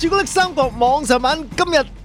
朱古力三國網上聞今日。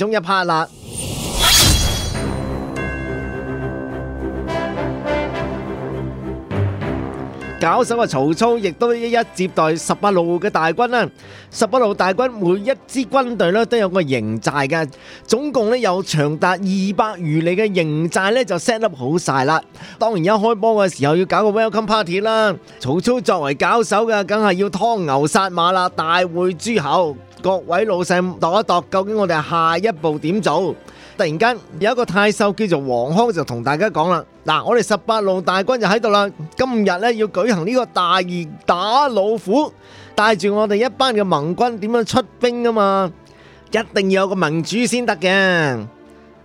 中一拍啦！搞手啊，曹操亦都一一接待十八路嘅大軍啦。十八路大軍每一支軍隊咧都有個營寨嘅，總共咧有長達二百餘里嘅營寨咧就 set up 好晒啦。當然一開波嘅時候要搞個 welcome party 啦。曹操作為搞手嘅，梗係要劏牛殺馬啦，大會諸侯。各位老細，度一度，究竟我哋下一步點做？突然間有一個太守叫做王匡就同大家講啦，嗱，我哋十八路大軍就喺度啦，今日咧要舉行呢個大義打老虎，帶住我哋一班嘅盟軍點樣出兵啊嘛，一定要有個盟主先得嘅。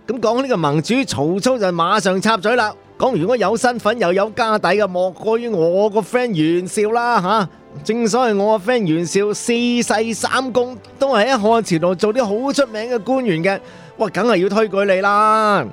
咁講呢個盟主，曹操就馬上插嘴啦，講如果有身份又有家底嘅，莫過於我個 friend 袁紹啦，吓。正所謂我阿 friend 袁紹四世三公，都係喺漢朝度做啲好出名嘅官員嘅，哇，梗係要推舉你啦。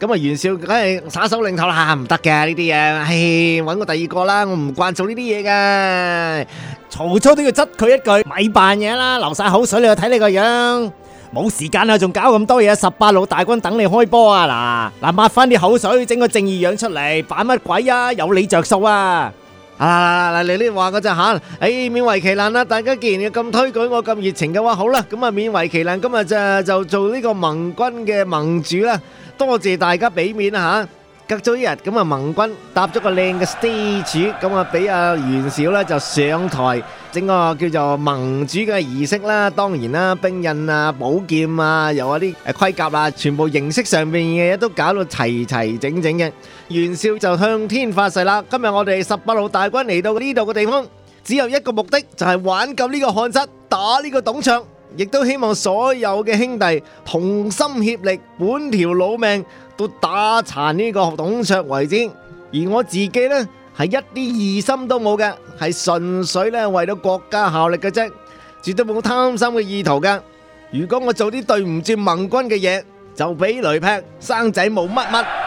咁啊袁紹梗係耍手擰頭啦，唔得嘅呢啲嘢，係揾個第二個啦，我唔慣做呢啲嘢嘅。曹操都要窒佢一句，咪扮嘢啦，流晒口水你又睇你個樣，冇時間啊，仲搞咁多嘢，十八路大軍等你開波啊嗱嗱，抹翻啲口水，整個正義樣出嚟，扮乜鬼啊？有你着數啊！啊嗱嗱嗱！你呢話我就吓，誒，勉、啊哎、為其難啦。大家既然要咁推舉我咁熱情嘅話，好啦，咁啊，勉為其難，今日就，就做呢個盟軍嘅盟主啦。多謝大家俾面啊吓！隔咗一日，咁啊盟軍搭咗個靚嘅 stage，咁啊俾阿袁紹呢就上台整個叫做盟主嘅儀式啦。當然啦，兵刃啊、寶劍啊，又有啲盔甲啦，全部形式上面嘅嘢都搞到齊齊整整嘅。袁紹就向天發誓啦：今日我哋十八路大軍嚟到呢度嘅地方，只有一個目的，就係挽救呢個漢室，打呢個董卓。亦都希望所有嘅兄弟同心協力，本條老命。都打殘呢個董卓為止，而我自己呢，係一啲異心都冇嘅，係純粹咧為咗國家效力嘅啫，絕對冇貪心嘅意圖噶。如果我做啲對唔住盟軍嘅嘢，就俾雷劈，生仔冇乜乜。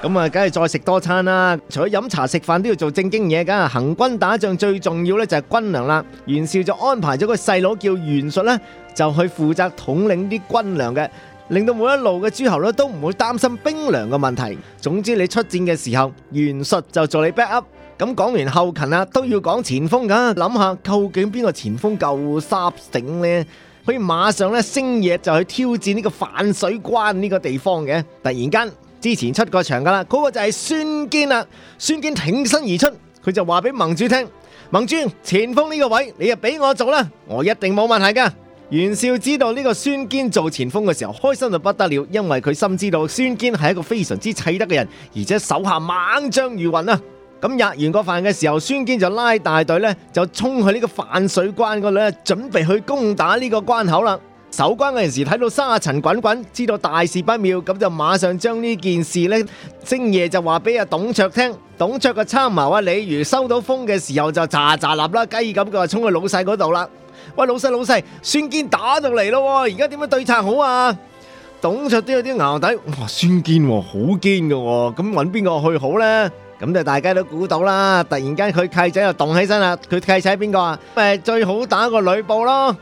咁啊，梗係再食多餐啦！除咗飲茶食飯都要做正經嘢，梗係行軍打仗最重要咧就係軍糧啦。袁紹就安排咗個細佬叫袁術呢就去負責統領啲軍糧嘅，令到每一路嘅諸侯咧都唔會擔心兵糧嘅問題。總之你出戰嘅時候，袁術就做你 back up。咁講完後勤啦，都要講前鋒噶。諗下究竟邊個前鋒夠沙頂呢？可以馬上咧星夜就去挑戰呢個反水關呢個地方嘅。突然間。之前出過場噶啦，嗰個就係孫堅啦。孫堅挺身而出，佢就話俾盟主聽：盟主，前鋒呢個位，你啊俾我做啦，我一定冇問題噶。袁紹知道呢個孫堅做前鋒嘅時候開心到不得了，因為佢深知道孫堅係一個非常之砌得嘅人，而且手下猛將如雲啊，咁食完個飯嘅時候，孫堅就拉大隊咧，就衝去呢個范水關嗰度咧，準備去攻打呢個關口啦。守關嗰陣時睇到沙塵滾滾，知道大事不妙，咁就馬上將呢件事咧，星夜就話俾阿董卓聽。董卓嘅參謀啊，李儒收到風嘅時候就咋咋立啦，雞咁就衝去老細嗰度啦。喂，老細老細，孫堅打到嚟咯，而家點樣對策好啊？董卓都有啲淆底，哇，孫堅好堅嘅，咁搵邊個去好咧？咁就大家都估到啦，突然間佢契仔又動起身啦，佢契仔邊個啊？咪最好打個呂布咯，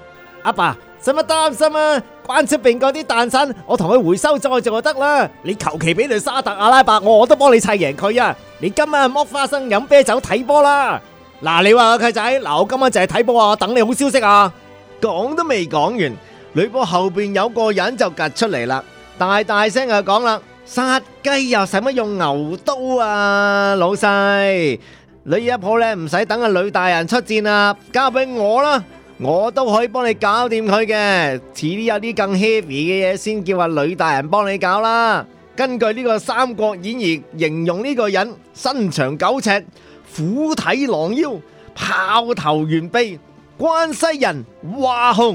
阿爸。使乜擔心啊？關出邊嗰啲蛋散，我同佢回收再做就得啦。你求其俾條沙特阿拉伯，我我都幫你砌贏佢啊！你今晚剝花生、飲啤酒、睇波啦。嗱，你話阿契仔，嗱，我今晚就係睇波啊，我等你好消息啊。講都未講完，呂布後邊有個人就掘出嚟啦，大大聲就講啦：殺雞又使乜用牛刀啊，老細！呂布好靚，唔使等阿呂大人出戰啊，交俾我啦。我都可以幫你搞掂佢嘅，遲啲有啲更 heavy 嘅嘢先叫阿呂大人幫你搞啦。根據呢個《三國演義》，形容呢個人身長九尺，虎體狼腰，豹頭猿臂，關西人華雄，哇！吼！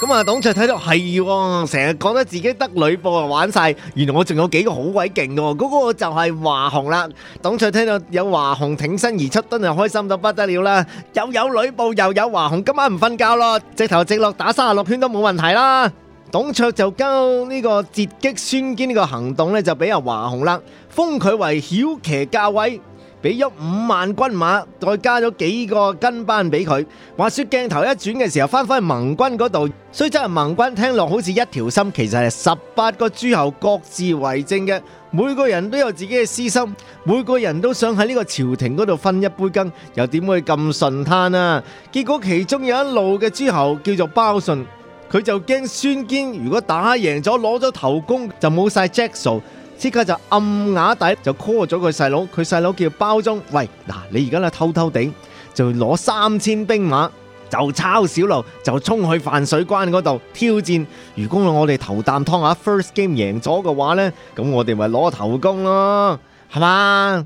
咁啊，董卓睇到係喎，成日講得自己得呂布啊玩晒，原來我仲有幾個好鬼勁嘅，嗰個就係華雄啦。董卓聽到有華雄挺身而出，真係開心到不得了啦。又有呂布，又有華雄，今晚唔瞓覺咯，直頭直落打三十六圈都冇問題啦。董卓就交呢個截擊孫堅呢個行動咧，就俾阿華雄啦，封佢為驍騎校尉。俾咗五萬軍馬，再加咗幾個跟班俾佢。話說鏡頭一轉嘅時候，翻翻盟軍嗰度，雖則係盟軍聽落好似一條心，其實係十八個諸侯各自為政嘅，每個人都有自己嘅私心，每個人都想喺呢個朝廷嗰度分一杯羹，又點會咁順攤啊？結果其中有一路嘅諸侯叫做鮑信，佢就驚孫堅如果打贏咗，攞咗頭功就冇晒著數。即刻就暗啞底就 call 咗佢細佬，佢細佬叫包中。喂，嗱，你而家咧，偷偷地就攞三千兵馬，就抄小路，就衝去泛水關嗰度挑戰。如果我哋頭啖湯下 first game 贏咗嘅話呢，咁我哋咪攞頭功咯，係嘛？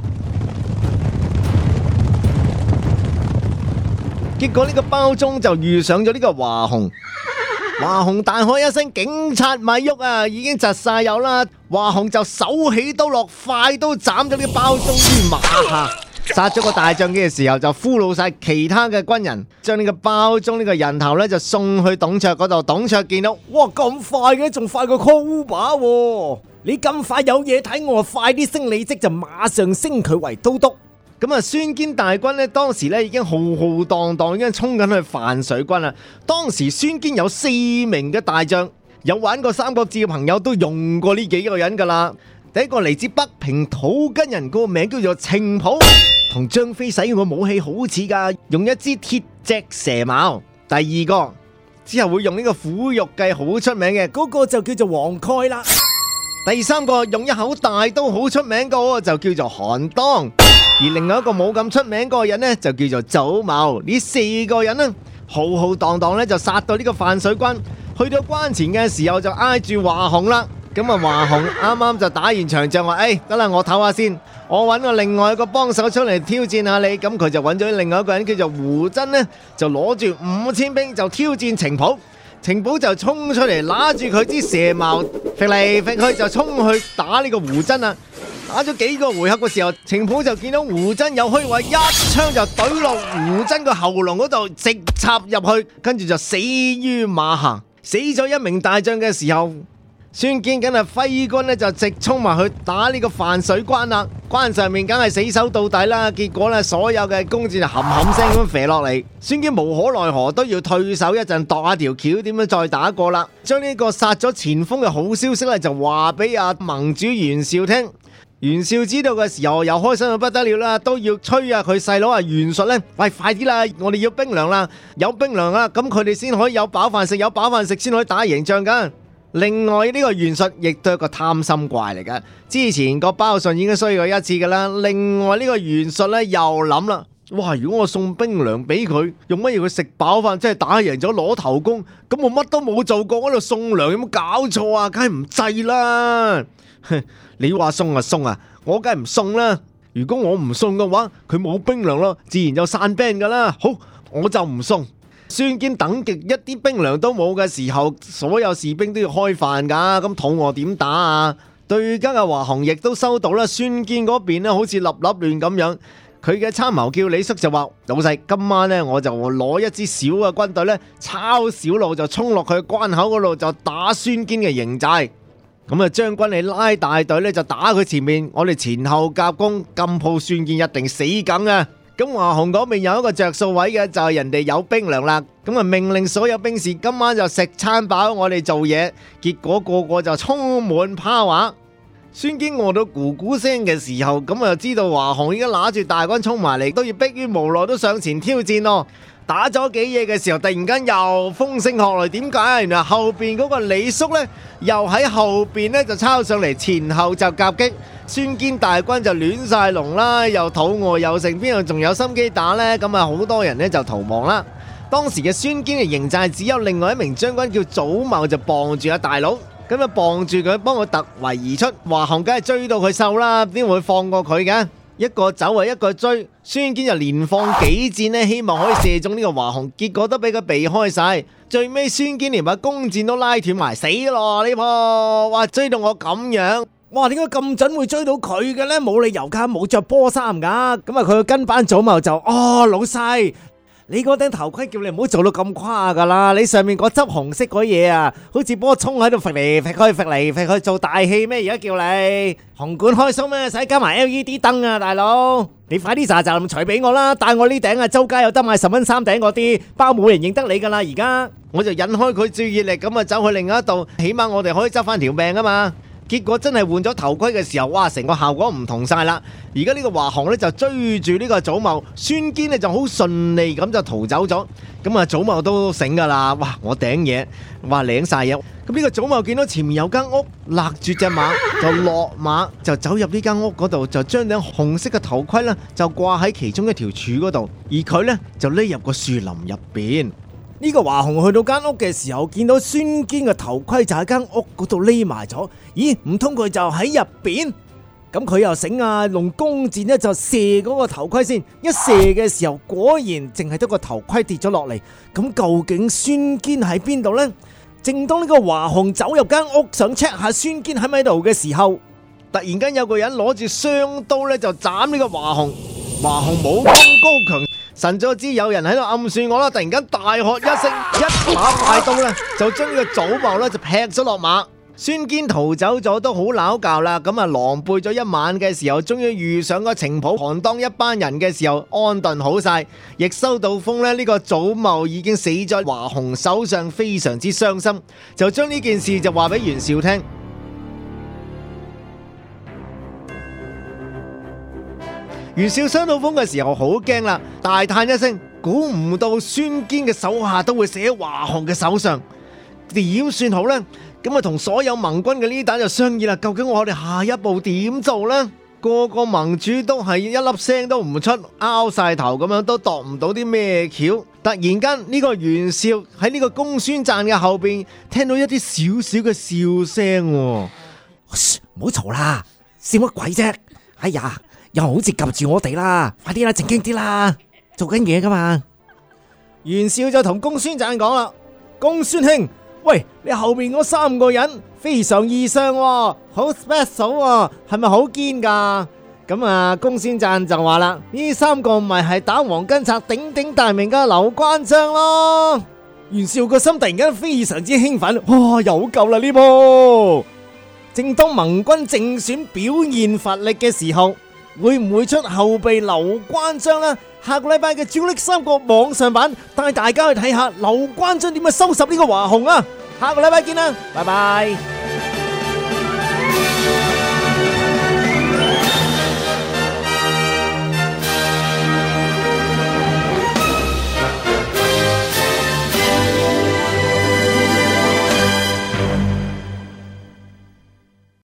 結果呢個包中就遇上咗呢個華雄。華雄大喝一聲，警察咪喐啊！已經窒晒油啦！華雄就手起刀落，快刀斬咗啲包忠於馬下，殺咗個大將嘅時候就俘虜晒其他嘅軍人，將呢個包忠呢個人頭咧就送去董卓嗰度。董卓見到，哇！咁快嘅？仲快過箍 o b 喎！你咁快有嘢睇我，快啲升你職，就馬上升佢為都督。咁啊，孫堅大軍呢，當時呢已經浩浩蕩蕩，已經衝緊去泛水軍啦。當時孫堅有四名嘅大將，有玩過《三國志》嘅朋友都用過呢幾個人噶啦。第一個嚟自北平土根人，個名叫做程普，同張飛使用嘅武器好似噶，用一支鐵脊蛇矛。第二個之後會用呢個苦肉計好出名嘅，嗰個就叫做黃蓋啦。第三個用一口大刀好出名嘅，就叫做韓當。而另外一個冇咁出名嗰個人呢，就叫做祖茂。呢四個人呢，浩浩蕩蕩呢就殺到呢個泛水關。去到關前嘅時候就挨住華雄啦。咁啊華雄啱啱就打完場仗話，誒，得、欸、啦，我唞下先，我搵個另外一個幫手出嚟挑戰下你。咁佢就搵咗另外一個人叫做胡真呢，就攞住五千兵就挑戰程普。程普就衝出嚟，拿住佢支蛇矛，飛嚟飛去就衝去打呢個胡真、啊打咗幾個回合嘅時候，程普就見到胡真有虛位，一槍就懟落胡真個喉嚨嗰度，直插入去，跟住就死於馬下。死咗一名大將嘅時候，孫堅梗係揮軍呢就直衝埋去打呢個泛水關啦。關上面梗係死守到底啦。結果呢，所有嘅弓箭就冚冚聲咁射落嚟，孫堅無可奈何都要退守一陣，度下條橋點樣再打過啦。將呢個殺咗前鋒嘅好消息呢、啊，就話俾阿盟主袁紹聽。袁紹知道嘅時候又開心到不得了啦，都要催啊佢細佬啊袁術呢，喂「喂快啲啦，我哋要兵糧啦，有兵糧啦，咁佢哋先可以有飽飯食，有飽飯食先可以打贏仗噶。另外個呢個袁術亦都係一個貪心怪嚟噶，之前個鮑信已經衰過一次噶啦，另外呢個袁術呢又諗啦。哇！如果我送冰涼俾佢，用乜嘢佢食飽飯，真係打贏咗攞頭功，咁我乜都冇做過，喺度送糧有冇搞錯啊？梗係唔制啦！ 你話送啊送啊，我梗係唔送啦，啊！如果我唔送嘅話，佢冇冰涼咯，自然就散兵噶啦。好，我就唔送。孫堅等極一啲冰涼都冇嘅時候，所有士兵都要開飯噶，咁肚餓點打啊？對，今日華雄亦都收到啦，孫堅嗰邊咧好似立立亂咁樣。佢嘅參謀叫李叔就話：老細，今晚呢，我就攞一支小嘅軍隊呢，抄小路就衝落去關口嗰度就打孫堅嘅營寨。咁啊將軍你拉大隊呢，就打佢前面，我哋前後夾攻，咁破孫堅一定死梗啊。咁華雄嗰邊有一個着數位嘅就係人哋有兵糧啦。咁啊命令所有兵士今晚就食餐飽，我哋做嘢。結果個個就充滿趴話。孫堅餓到咕咕聲嘅時候，咁我知道華雄而家拿住大軍衝埋嚟，都要迫於無奈都上前挑戰咯。打咗幾嘢嘅時候，突然間又風聲鶴唳，點解？原來後邊嗰個李肅呢，又喺後邊呢就抄上嚟，前後就夾擊，孫堅大軍就亂晒龍啦，又肚餓又剩，邊度仲有心機打呢？咁啊，好多人呢就逃亡啦。當時嘅孫堅嘅營寨只有另外一名將軍叫祖茂就傍住阿大佬。咁啊，傍住佢，幫我突圍而出，華雄梗係追到佢瘦啦，點會放過佢嘅？一個走啊，一個追，孫堅就連放幾箭咧，希望可以射中呢個華雄，結果都俾佢避開晒。最尾孫堅連把弓箭都拉斷埋，死咯呢鋪！哇，追到我咁樣，我話點解咁準會追到佢嘅咧？冇理由噶，冇着波衫噶。咁啊，佢跟班祖茂就，哦，老細。你嗰頂頭盔叫你唔好做到咁誇噶啦！你上面嗰執紅色嗰嘢啊，好似波沖喺度甩嚟甩去甩嚟甩去，做大戲咩？而家叫你紅館開心咩？使加埋 L E D 燈啊，大佬！你快啲咋咋臨除俾我啦，戴我呢頂啊，周街有得賣十蚊三頂嗰啲，包冇人認得你噶啦！而家我就引開佢注意力，咁啊走去另一度，起碼我哋可以執翻條命啊嘛！結果真係換咗頭盔嘅時候，哇！成個效果唔同晒啦。而家呢個華雄咧就追住呢個祖茂，孫堅呢，就好順利咁就逃走咗。咁啊，祖茂都醒噶啦，哇！我頂嘢，哇，領晒嘢。咁呢個祖茂見到前面有間屋，勒住隻馬就落馬，就走入呢間屋嗰度，就將頂紅色嘅頭盔咧就掛喺其中一條柱嗰度，而佢咧就匿入個樹林入邊。呢個華雄去到間屋嘅時候，見到孫堅嘅頭盔就喺間屋嗰度匿埋咗。咦，唔通佢就喺入邊？咁佢又醒啊，用弓箭呢就射嗰個頭盔先。一射嘅時候，果然淨係得個頭盔跌咗落嚟。咁究竟孫堅喺邊度呢？正當呢個華雄走入間屋，想 check 下孫堅喺咪度嘅時候，突然間有個人攞住雙刀呢就斬呢個華雄。華雄武功高強。神咗知有人喺度暗算我啦！突然間大喝一聲，一馬把快刀咧就將呢個祖茂呢就劈咗落馬。孫堅逃走咗都好撈教啦，咁啊狼狽咗一晚嘅時候，終於遇上個程普、韓當一班人嘅時候安頓好晒。亦收到風呢，呢、呢個祖茂已經死喺華雄手上，非常之傷心，就將呢件事就話俾袁紹聽。袁紹傷到風嘅時候好驚啦，大嘆一聲，估唔到孫堅嘅手下都會死喺華雄嘅手上，點算好呢？咁啊，同所有盟軍嘅呢 e 就商議啦，究竟我哋下一步點做呢？個個盟主都係一粒聲都唔出，拗晒頭咁樣都度唔到啲咩橋。突然間呢、這個袁紹喺呢個公孫瓚嘅後邊聽到一啲小小嘅笑聲，唔好嘈啦，笑乜鬼啫？哎呀！又好似及住我哋啦！快啲啦，正經啲啦，做緊嘢噶嘛？袁紹就同公孫瓚講啦，公孫兄，喂，你後邊嗰三個人非常異相，好 special 啊，係咪好堅噶？咁啊，公孫瓚就話啦，呢三個咪係打黃巾賊鼎鼎大名嘅劉關張咯。袁紹個心突然間非常之興奮，哇，有救啦呢鋪！正當盟軍正選表現乏力嘅時候，會唔會出後備劉關張呢？下個禮拜嘅《朱古力三國》網上版帶大家去睇下劉關張點去收拾呢個華雄啊！下個禮拜見啦，拜拜。